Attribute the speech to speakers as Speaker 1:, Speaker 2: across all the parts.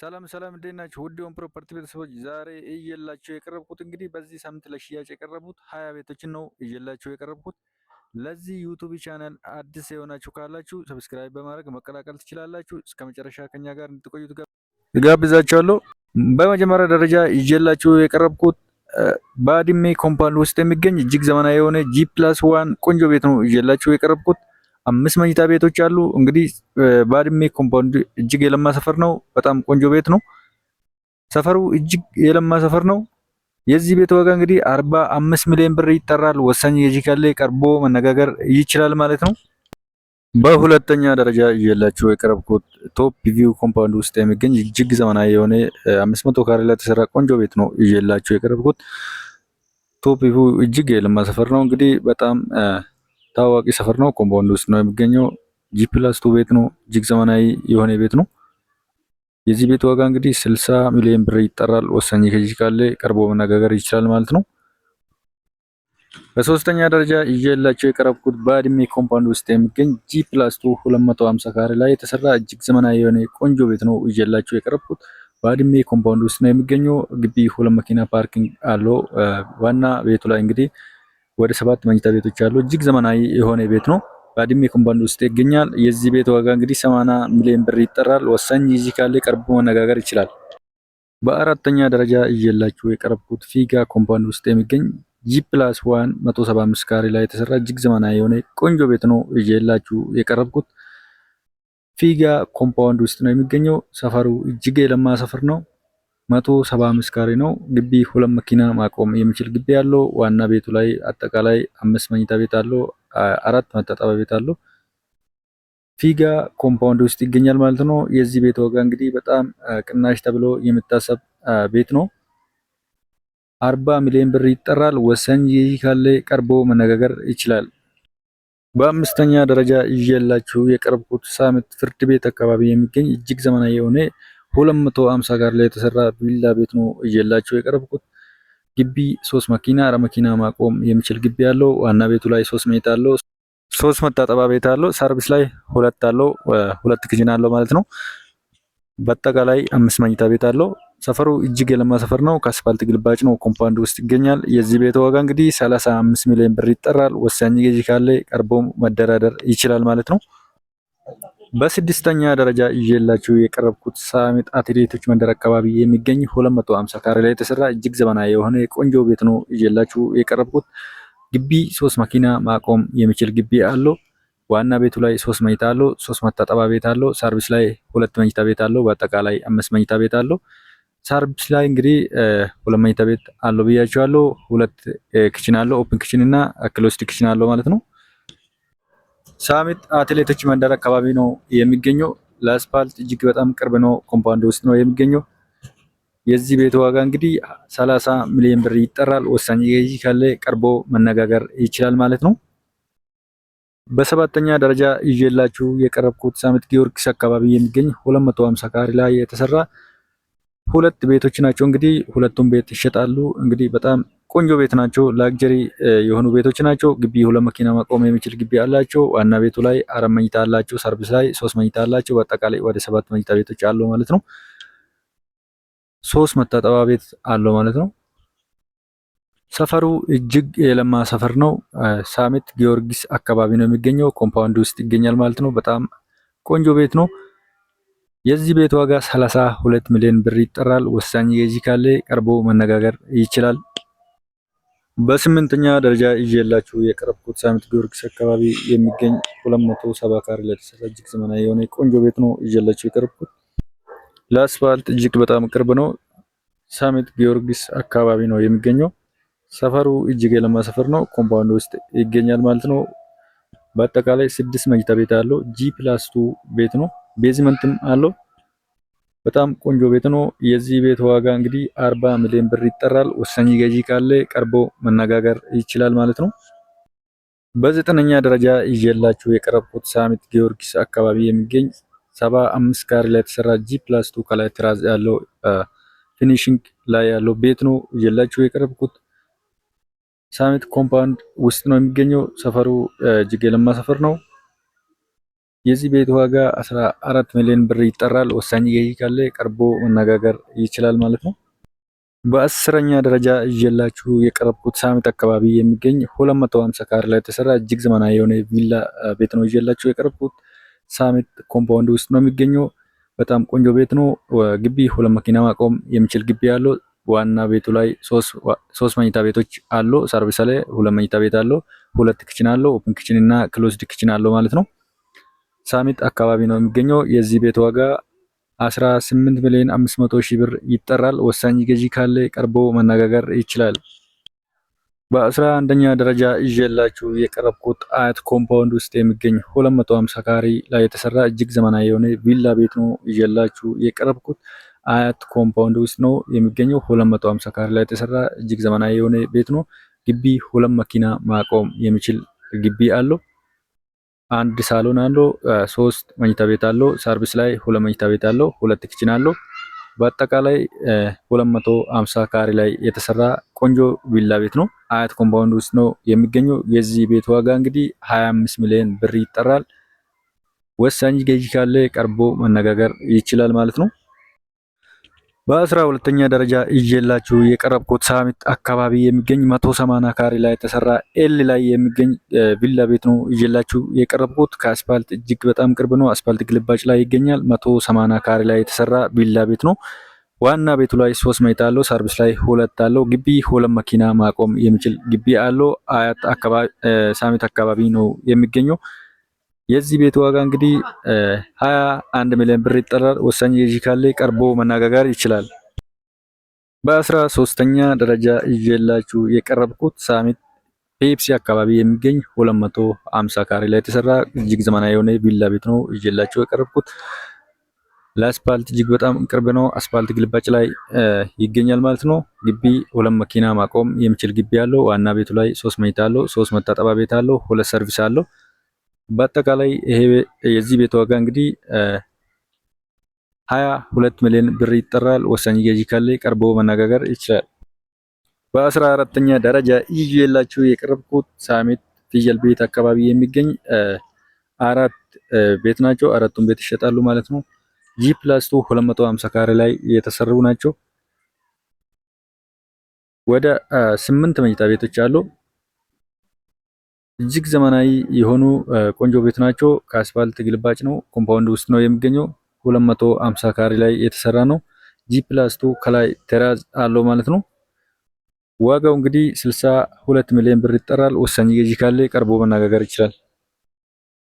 Speaker 1: ሰላም ሰላም እንዴት ናችሁ? ውድ ፕሮፐርቲ ቤተሰቦች ዛሬ እየላችሁ የቀረብኩት እንግዲህ በዚህ ሳምንት ለሽያጭ የቀረቡት ሀያ ቤቶችን ነው እየላችሁ የቀረብኩት። ለዚህ ዩቱብ ቻናል አዲስ የሆናችሁ ካላችሁ ሰብስክራይብ በማድረግ መቀላቀል ትችላላችሁ። እስከ መጨረሻ ከኛ ጋር እንድትቆዩ ጋብዛችኋለሁ። በመጀመሪያ ደረጃ እየላችሁ የቀረብኩት በአድሜ ኮምፓውንድ ውስጥ የሚገኝ እጅግ ዘመናዊ የሆነ ጂ ፕላስ ዋን ቆንጆ ቤት ነው እየላችሁ የቀረብኩት። አምስት መኝታ ቤቶች አሉ። እንግዲህ ባድሜ ኮምፓውንድ እጅግ የለማ ሰፈር ነው። በጣም ቆንጆ ቤት ነው። ሰፈሩ እጅግ የለማ ሰፈር ነው። የዚህ ቤት ዋጋ እንግዲህ አርባ አምስት ሚሊዮን ብር ይጠራል። ወሳኝ ገዢ ካለ ቀርቦ መነጋገር ይችላል ማለት ነው። በሁለተኛ ደረጃ እየላችሁ የቀረብኩት ቶፕ ቪው ኮምፓውንድ ውስጥ የሚገኝ እጅግ ዘመናዊ የሆነ አምስት መቶ ካሬ ላይ የተሰራ ቆንጆ ቤት ነው እየላችሁ የቀረብኩት። ቶፕ ቪው እጅግ የለማ ሰፈር ነው። እንግዲህ በጣም ታዋቂ ሰፈር ነው። ኮምፓውንድ ውስጥ ነው የሚገኘው። ጂ ፕላስ ቱ ቤት ነው። እጅግ ዘመናዊ የሆነ ቤት ነው። የዚህ ቤት ዋጋ እንግዲህ 60 ሚሊዮን ብር ይጠራል። ወሳኝ ከዚህ ካለ ቀርቦ መነጋገር ይችላል ማለት ነው። በሶስተኛ ደረጃ ይዤላቸው የቀረብኩት በአድሜ ኮምፓውንድ ውስጥ የሚገኝ ጂ ፕላስ ቱ 250 ካሬ ላይ የተሰራ እጅግ ዘመናዊ የሆነ ቆንጆ ቤት ነው ይዤላቸው የቀረብኩት። በአድሜ ኮምፓውንድ ውስጥ ነው የሚገኘው። ግቢ ሁለት መኪና ፓርኪንግ አለው። ዋና ቤቱ ላይ እንግዲህ ወደ ሰባት መኝታ ቤቶች ያለው እጅግ ዘመናዊ የሆነ ቤት ነው። በአድሜ ኮምፓውንድ ውስጥ ይገኛል። የዚህ ቤት ዋጋ እንግዲህ 80 ሚሊዮን ብር ይጠራል። ወሳኝ ይዚ ካለ ቀርቦ መነጋገር ይችላል። በአራተኛ ደረጃ እየላችሁ የቀረብኩት ፊጋ ኮምፓውንድ ውስጥ የሚገኝ ጂ ፕላስ ዋን 175 ካሬ ላይ የተሰራ እጅግ ዘመናዊ የሆነ ቆንጆ ቤት ነው እየላችሁ የቀረብኩት ፊጋ ኮምፓውንድ ውስጥ ነው የሚገኘው። ሰፈሩ እጅግ የለማ ሰፈር ነው። መቶ ሰባ ካሬ ነው። ግቢ ሁለት መኪና ማቆም የሚችል ግቢ አለው ዋና ቤቱ ላይ አጠቃላይ አምስት መኝታ ቤት አለው። አራት መታጠቢያ ቤት አለው። ፊጋ ኮምፓውንድ ውስጥ ይገኛል ማለት ነው። የዚህ ቤት ዋጋ እንግዲህ በጣም ቅናሽ ተብሎ የሚታሰብ ቤት ነው። አርባ ሚሊዮን ብር ይጠራል። ወሰን ይህ ካለ ቀርቦ መነጋገር ይችላል። በአምስተኛ ደረጃ ይዤላችሁ የቀረብኩት ሳምት ፍርድ ቤት አካባቢ የሚገኝ እጅግ ዘመናዊ የሆነ 250 ጋር ላይ የተሰራ ቪላ ቤት ነው እየላቸው የቀረብኩት። ግቢ ሶስት መኪና አራ መኪና ማቆም የሚችል ግቢ አለው። ዋና ቤቱ ላይ ሶስት ሜት አለው። ሶስት መታጠባ ቤት አለው። ሰርቪስ ላይ ሁለት አለው። ሁለት ኪችን አለው ማለት ነው። በአጠቃላይ አምስት መኝታ ቤት አለው። ሰፈሩ እጅግ የለማ ሰፈር ነው። ከአስፋልት ግልባጭ ነው። ኮምፓውንድ ውስጥ ይገኛል። የዚህ ቤት ዋጋ እንግዲህ 35 ሚሊዮን ብር ይጠራል። ወሳኝ ገዢ ካለ ቀርቦ መደራደር ይችላል ማለት ነው። በስድስተኛ ደረጃ ይዤላችሁ የቀረብኩት ሳሚት አትሌቶች መንደር አካባቢ የሚገኝ 250 ካሬ ላይ የተሰራ እጅግ ዘመናዊ የሆነ የቆንጆ ቤት ነው ይዤላችሁ የቀረብኩት። ግቢ ሶስት መኪና ማቆም የሚችል ግቢ አለው። ዋና ቤቱ ላይ ሶስት መኝታ አለው። ሶስት መታጠባ ቤት አለው። ሰርቪስ ላይ ሁለት መኝታ ቤት አለው። በአጠቃላይ አምስት መኝታ ቤት አለው። ሰርቪስ ላይ እንግዲህ ሁለት መኝታ ቤት አለው ብያቸዋለሁ። ሁለት ክችን አለው። ኦፕን ክችን እና ክሎስድ ክችን አለው ማለት ነው። ሳሚት አትሌቶች መንደር አካባቢ ነው የሚገኘው። ለአስፓልት እጅግ በጣም ቅርብ ነው። ኮምፓውንድ ውስጥ ነው የሚገኘው። የዚህ ቤት ዋጋ እንግዲህ 30 ሚሊዮን ብር ይጠራል። ወሳኝ ገዢ ካለ ቀርቦ መነጋገር ይችላል ማለት ነው። በሰባተኛ ደረጃ ይዤላችሁ የቀረብኩት ሳሚት ጊዮርጊስ አካባቢ የሚገኝ 250 ካሬ ላይ የተሰራ ሁለት ቤቶች ናቸው። እንግዲህ ሁለቱም ቤት ይሸጣሉ። እንግዲህ በጣም ቆንጆ ቤት ናቸው። ላግጀሪ የሆኑ ቤቶች ናቸው። ግቢ ሁለት መኪና መቆም የሚችል ግቢ አላቸው። ዋና ቤቱ ላይ አራት መኝታ አላቸው። ሰርቪስ ላይ ሶስት መኝታ አላቸው። በአጠቃላይ ወደ ሰባት መኝታ ቤቶች አለው ማለት ነው። ሶስት መታጠቢያ ቤት አለው ማለት ነው። ሰፈሩ እጅግ የለማ ሰፈር ነው። ሳሚት ጊዮርጊስ አካባቢ ነው የሚገኘው። ኮምፓውንድ ውስጥ ይገኛል ማለት ነው። በጣም ቆንጆ ቤት ነው። የዚህ ቤት ዋጋ 32 ሁለት ሚሊዮን ብር ይጠራል። ወሳኝ ገዢ ካለ ቀርቦ መነጋገር ይችላል። በስምንተኛ ደረጃ ይዤላችሁ የቀረብኩት ሳሚት ጊዮርጊስ አካባቢ የሚገኝ 270 ካሬ ላይ የተሰራ እጅግ ዘመናዊ የሆነ ቆንጆ ቤት ነው ይዤላችሁ የቀረብኩት። ለአስፋልት እጅግ በጣም ቅርብ ነው። ሳሚት ጊዮርጊስ አካባቢ ነው የሚገኘው። ሰፈሩ እጅግ የለማ ሰፈር ነው። ኮምፓውንድ ውስጥ ይገኛል ማለት ነው። በአጠቃላይ ስድስት መኝታ ቤት አለው። ጂ ፕላስ ቱ ቤት ነው። ቤዝመንትም አለው። በጣም ቆንጆ ቤት ነው። የዚህ ቤት ዋጋ እንግዲህ አርባ ሚሊዮን ብር ይጠራል። ወሳኝ ገዢ ካለ ቀርቦ መነጋገር ይችላል ማለት ነው። በዘጠነኛ ደረጃ ይዤላችሁ የቀረብኩት ሳሚት ጊዮርጊስ አካባቢ የሚገኝ ሰባ አምስት ካሬ ላይ የተሰራ ጂ ፕላስ ቱ ከላይ ትራዝ ያለው ፊኒሽንግ ላይ ያለው ቤት ነው ይዤላችሁ የቀረብኩት። ሳሚት ኮምፓውንድ ውስጥ ነው የሚገኘው። ሰፈሩ እጅግ የለማ ሰፈር ነው። የዚህ ቤት ዋጋ 14 ሚሊዮን ብር ይጠራል። ወሳኝ ገዢ ካለ ቀርቦ መነጋገር ይችላል ማለት ነው። በአስረኛ ደረጃ እየላችሁ የቀረብኩት ሳሚት አካባቢ የሚገኝ 250 ካሬ ላይ የተሰራ እጅግ ዘመናዊ የሆነ ቪላ ቤት ነው እየላችሁ የቀረብኩት። ሳሚት ኮምፓውንድ ውስጥ ነው የሚገኘው። በጣም ቆንጆ ቤት ነው። ግቢ ሁለት መኪና ማቆም የሚችል ግቢ ያለው ዋና ቤቱ ላይ ሶስት መኝታ ቤቶች አሉ። ሰርቪስ ላይ ሁለት መኝታ ቤት አለው። ሁለት ክችን አለው። ኦፕን ክችን እና ክሎዝድ ክችን አለው ማለት ነው። ሳሚት አካባቢ ነው የሚገኘው። የዚህ ቤት ዋጋ 18 ሚሊዮን 500 ሺህ ብር ይጠራል። ወሳኝ ገዢ ካለ ቀርቦ መነጋገር ይችላል። በአስራ አንደኛ ደረጃ ይዤላችሁ የቀረብኩት አያት ኮምፓውንድ ውስጥ የሚገኝ 250 ካሬ ላይ የተሰራ እጅግ ዘመናዊ የሆነ ቪላ ቤት ነው ይዤላችሁ የቀረብኩት አያት ኮምፓውንድ ውስጥ ነው የሚገኘው። 250 ካሬ ላይ የተሰራ እጅግ ዘመናዊ የሆነ ቤት ነው። ግቢ ሁለት መኪና ማቆም የሚችል ግቢ አለው። አንድ ሳሎን አለው። ሶስት መኝታ ቤት አለው። ሰርቪስ ላይ ሁለት መኝታ ቤት አለው። ሁለት ኪችን አለው። በአጠቃላይ 250 ካሬ ላይ የተሰራ ቆንጆ ቪላ ቤት ነው። አያት ኮምፓውንድ ውስጥ ነው የሚገኘው። የዚህ ቤት ዋጋ እንግዲህ 25 ሚሊዮን ብር ይጠራል። ወሳኝ ገዢ ካለ ቀርቦ መነጋገር ይችላል ማለት ነው። በአስራ ሁለተኛ ደረጃ እየላችሁ የቀረብኩት ሳሚት አካባቢ የሚገኝ መቶ ሰማና ካሬ ላይ የተሰራ ኤል ላይ የሚገኝ ቪላ ቤት ነው እየላችሁ የቀረብኩት። ከአስፓልት እጅግ በጣም ቅርብ ነው። አስፓልት ግልባጭ ላይ ይገኛል። መቶ ሰማና ካሬ ላይ የተሰራ ቪላ ቤት ነው። ዋና ቤቱ ላይ ሶስት መኝታ አለው። ሰርቪስ ላይ ሁለት አለው። ግቢ ሁለት መኪና ማቆም የሚችል ግቢ አለው። አያት አካባቢ ሳሚት አካባቢ ነው የሚገኘው። የዚህ ቤት ዋጋ እንግዲህ ሀያ አንድ ሚሊዮን ብር ይጠራል። ወሳኝ የጂ ካለ ቀርቦ መነጋገር ይችላል። በአስራ ሶስተኛ ደረጃ ይዤላችሁ የቀረብኩት ሳሚት ፔፕሲ አካባቢ የሚገኝ 250 ካሬ ላይ የተሰራ እጅግ ዘመናዊ የሆነ ቪላ ቤት ነው ይዤላችሁ የቀረብኩት። ለአስፓልት እጅግ በጣም ቅርብ ነው። አስፓልት ግልባጭ ላይ ይገኛል ማለት ነው። ግቢ ሁለት መኪና ማቆም የሚችል ግቢ አለው። ዋና ቤቱ ላይ ሶስት መኝታ አለው። ሶስት መታጠቢያ ቤት አለው። ሁለት ሰርቪስ አለው። በአጠቃላይ ይሄ የዚህ ቤት ዋጋ እንግዲህ ሀያ ሁለት ሚሊዮን ብር ይጠራል። ወሳኝ ገዢ ካለ ቀርቦ መነጋገር ይችላል። በአስራ አራተኛ ደረጃ የላችሁ የቅርብኩት ሳሚት ፍየል ቤት አካባቢ የሚገኝ አራት ቤት ናቸው። አራቱም ቤት ይሸጣሉ ማለት ነው። ጂ ፕላስ ቱ ሀምሳ ካሬ ላይ የተሰሩ ናቸው። ወደ ስምንት መኝታ ቤቶች አሉ። እጅግ ዘመናዊ የሆኑ ቆንጆ ቤት ናቸው። ከአስፋልት ግልባጭ ነው። ኮምፓውንድ ውስጥ ነው የሚገኘው። 250 ካሬ ላይ የተሰራ ነው። ጂ ፕላስ ቱ ከላይ ቴራዝ አለው ማለት ነው። ዋጋው እንግዲህ 62 ሚሊዮን ብር ይጠራል። ወሳኝ ገዢ ካለ ቀርቦ መነጋገር ይችላል።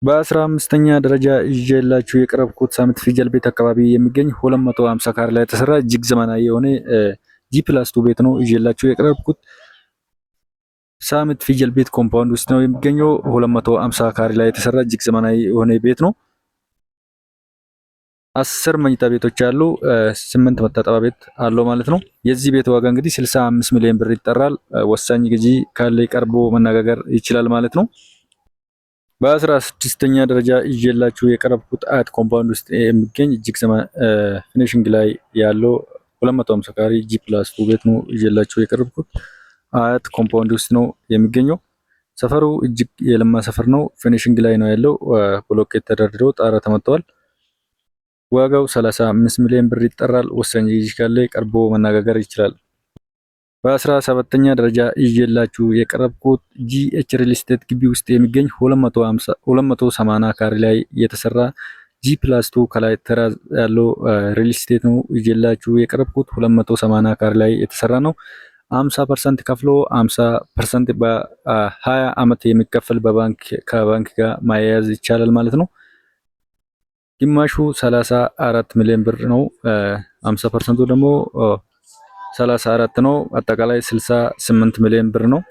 Speaker 1: በአስራ አምስተኛ ደረጃ ይዤላችሁ የቀረብኩት ሳሚት ፊጀል ቤት አካባቢ የሚገኝ 250 ካሬ ላይ የተሰራ እጅግ ዘመናዊ የሆነ ጂ ፕላስ ቱ ቤት ነው ይዤላችሁ የቀረብኩት። ሳምት ፍየል ቤት ኮምፓውንድ ውስጥ ነው የሚገኘው። 250 ካሬ ላይ የተሰራ እጅግ ዘመናዊ የሆነ ቤት ነው። አስር መኝታ ቤቶች አሉ። ስምንት መታጠቢያ ቤት አለው ማለት ነው። የዚህ ቤት ዋጋ እንግዲህ 65 ሚሊዮን ብር ይጠራል። ወሳኝ ግዢ ካለ ቀርቦ መነጋገር ይችላል ማለት ነው። በአስራ ስድስተኛ ደረጃ ይዤላችሁ የቀረብኩት አያት ኮምፓውንድ ውስጥ የሚገኝ እጅግ ፊኒሽንግ ላይ ያለው 250 ካሬ ጂ ፕላስ ቤት ነው ይዤላችሁ የቀረብኩት። አያት ኮምፓውንድ ውስጥ ነው የሚገኘው። ሰፈሩ እጅግ የለማ ሰፈር ነው። ፊኒሽንግ ላይ ነው ያለው። ብሎኬት ተደርድሮ ጣራ ተመጥተዋል። ዋጋው 35 ሚሊዮን ብር ይጠራል። ወሳኝ ልጅ ካለ ቀርቦ መነጋገር ይችላል። በአስራ ሰባተኛ ደረጃ ይዤላችሁ የቀረብኩት ጂኤች ሪል ስቴት ግቢ ውስጥ የሚገኝ 280 ካሬ ላይ የተሰራ ጂ ፕላስ ቱ ከላይ ተራዝ ያለው ሪል ስቴት ነው ይዤላችሁ የቀረብኩት 280 ካሬ ላይ የተሰራ ነው። አምሳ ፐርሰንት ከፍሎ አምሳ ፐርሰንት በሀያ ዓመት የሚከፈል በባንክ ከባንክ ጋር ማያያዝ ይቻላል ማለት ነው። ግማሹ ሰላሳ አራት ሚሊዮን ብር ነው። አምሳ ፐርሰንቱ ደግሞ ሰላሳ አራት ነው። አጠቃላይ ስልሳ ስምንት ሚሊዮን ብር ነው።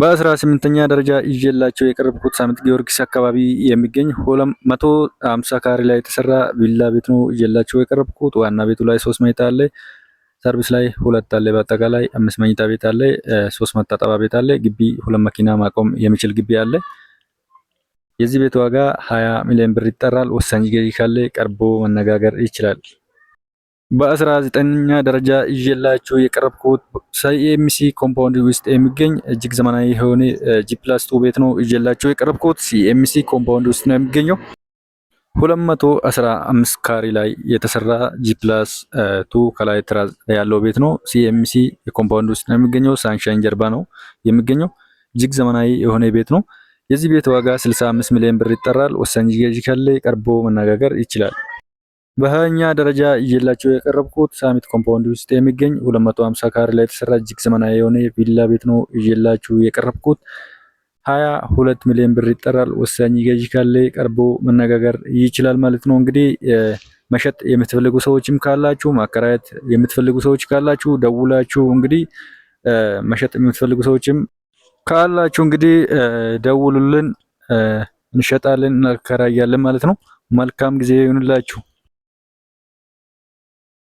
Speaker 1: በአስራ ስምንተኛ ደረጃ ይዤላቸው የቀረብኩት ሳምንት ጊዮርጊስ አካባቢ የሚገኝ ሁለት መቶ አምሳ ካሬ ላይ የተሰራ ቪላ ቤት ነው ይዤላቸው የቀረብኩት። ዋና ቤቱ ላይ ሶስት መኝታ አለ። ሰርቪስ ላይ ሁለት አለ። በአጠቃላይ አምስት መኝታ ቤት አለ፣ ሶስት መታጠቢያ ቤት አለ። ግቢ ሁለት መኪና ማቆም የሚችል ግቢ አለ። የዚህ ቤት ዋጋ 20 ሚሊዮን ብር ይጠራል። ወሳኝ ገዢ ካለ ቀርቦ መነጋገር ይችላል። በአስራ ዘጠነኛ ደረጃ ይዤላችሁ የቀረብኩት ሲኤምሲ ኮምፓውንድ ውስጥ የሚገኝ እጅግ ዘመናዊ የሆነ ጂፕላስ ቱ ቤት ነው። ይዤላችሁ የቀረብኩት ሲኤምሲ ኮምፓውንድ ውስጥ ነው የሚገኘው። 215 ካሬ ላይ የተሰራ ጂፕላስ ቱ ከላይ ያለው ቤት ነው። ሲኤምሲ የኮምፓውንድ ውስጥ ነው የሚገኘው። ሳንሻይን ጀርባ ነው የሚገኘው። እጅግ ዘመናዊ የሆነ ቤት ነው። የዚህ ቤት ዋጋ 65 ሚሊዮን ብር ይጠራል። ወሳኝ ገዢ ካለ ቀርቦ መነጋገር ይችላል። በሀያኛ ደረጃ እየላቸው የቀረብኩት ሳሚት ኮምፓውንድ ውስጥ የሚገኝ 250 ካሬ ላይ የተሰራ እጅግ ዘመናዊ የሆነ ቪላ ቤት ነው እየላችሁ የቀረብኩት ሀያ ሁለት ሚሊዮን ብር ይጠራል። ወሳኝ ገዢ ካለ ቀርቦ መነጋገር ይችላል ማለት ነው። እንግዲህ መሸጥ የምትፈልጉ ሰዎችም ካላችሁ፣ ማከራየት የምትፈልጉ ሰዎች ካላችሁ ደውላችሁ እንግዲህ መሸጥ የምትፈልጉ ሰዎችም ካላችሁ እንግዲህ ደውሉልን፣ እንሸጣለን፣ እናከራያለን ማለት ነው። መልካም ጊዜ ይሁንላችሁ።